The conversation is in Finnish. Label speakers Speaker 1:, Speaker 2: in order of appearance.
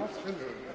Speaker 1: Absolutely.